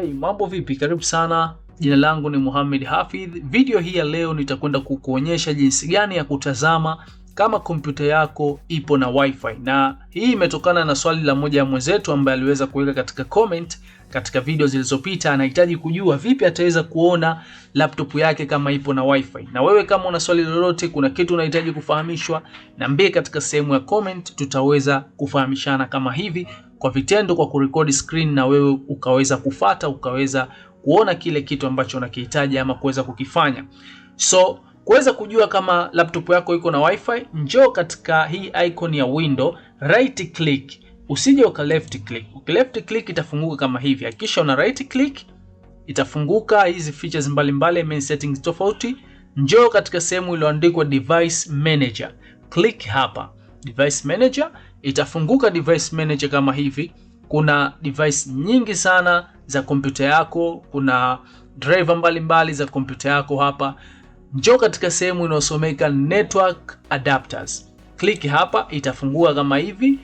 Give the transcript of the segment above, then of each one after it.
Hey, mambo vipi? Karibu sana. Jina langu ni Muhammad Hafidh. Video hii ya leo nitakwenda kukuonyesha jinsi gani ya kutazama kama kompyuta yako ipo na wifi, na hii imetokana na swali la moja ya mwenzetu ambaye aliweza kuweka katika comment katika video zilizopita. Anahitaji kujua vipi ataweza kuona laptop yake kama ipo na wifi. Na wewe kama una swali lolote, kuna kitu unahitaji kufahamishwa, niambie katika sehemu ya comment, tutaweza kufahamishana kama hivi kwa vitendo kwa kurekodi screen na wewe ukaweza kufata ukaweza kuona kile kitu ambacho unakihitaji ama kuweza kukifanya. So kuweza kujua kama laptop yako iko na wifi, njoo katika hii icon ya window, right click, usije uka left click. Uki left click itafunguka kama hivi, hakikisha una right click, itafunguka hizi features mbalimbali, main settings tofauti. Njoo katika sehemu iliyoandikwa device manager, click hapa device manager. Itafunguka device manager kama hivi. Kuna device nyingi sana za kompyuta yako, kuna driver mbalimbali za kompyuta yako. Hapa njoo katika sehemu inayosomeka network adapters, click hapa, itafungua kama hivi.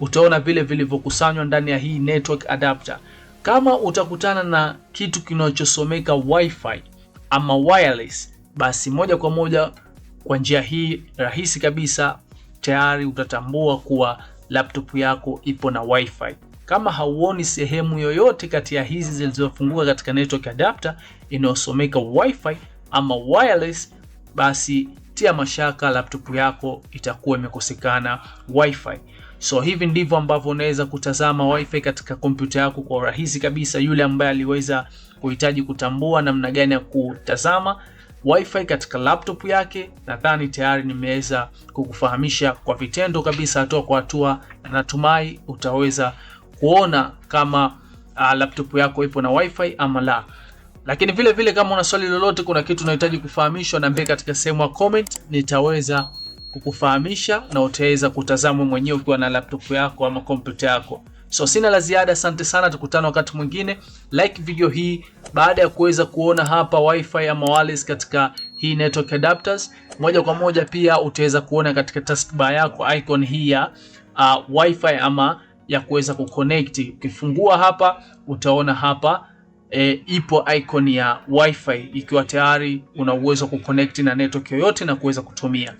Utaona vile vilivyokusanywa ndani ya hii network adapter. Kama utakutana na kitu kinachosomeka wifi ama wireless, basi moja kwa moja kwa njia hii rahisi kabisa tayari utatambua kuwa laptop yako ipo na wifi. Kama hauoni sehemu yoyote kati ya hizi zilizofunguka katika network adapter inayosomeka wifi ama wireless, basi tia mashaka, laptop yako itakuwa imekosekana wifi. So hivi ndivyo ambavyo unaweza kutazama wifi katika kompyuta yako kwa urahisi kabisa. Yule ambaye aliweza kuhitaji kutambua namna gani ya kutazama wifi katika laptop yake. Nadhani tayari nimeweza kukufahamisha kwa vitendo kabisa, hatua kwa hatua, na natumai utaweza kuona kama uh, laptop yako ipo na wifi ama la. Lakini vile vile kama una swali lolote, kuna kitu unahitaji kufahamishwa, niambie katika sehemu ya comment, nitaweza kukufahamisha na utaweza kutazama mwenyewe ukiwa na laptop yako ama kompyuta yako. So sina la ziada, asante sana, tukutane wakati mwingine. Like video hii baada ya kuweza kuona hapa wifi ama wireless katika hii network adapters. Moja kwa moja pia utaweza kuona katika taskbar yako icon hii ya uh, wifi ama ya kuweza kuconnect. Ukifungua hapa utaona hapa E, ipo icon ya wifi ikiwa tayari una uwezo wa kuconnect na network yoyote na kuweza kutumia.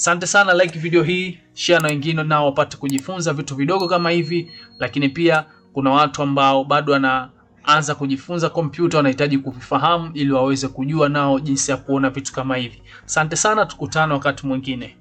Asante sana, like video hii, share na wengine nao wapate kujifunza vitu vidogo kama hivi, lakini pia kuna watu ambao bado wanaanza kujifunza kompyuta, wanahitaji kuvifahamu ili waweze kujua nao jinsi ya kuona vitu kama hivi. Asante sana, tukutane wakati mwingine.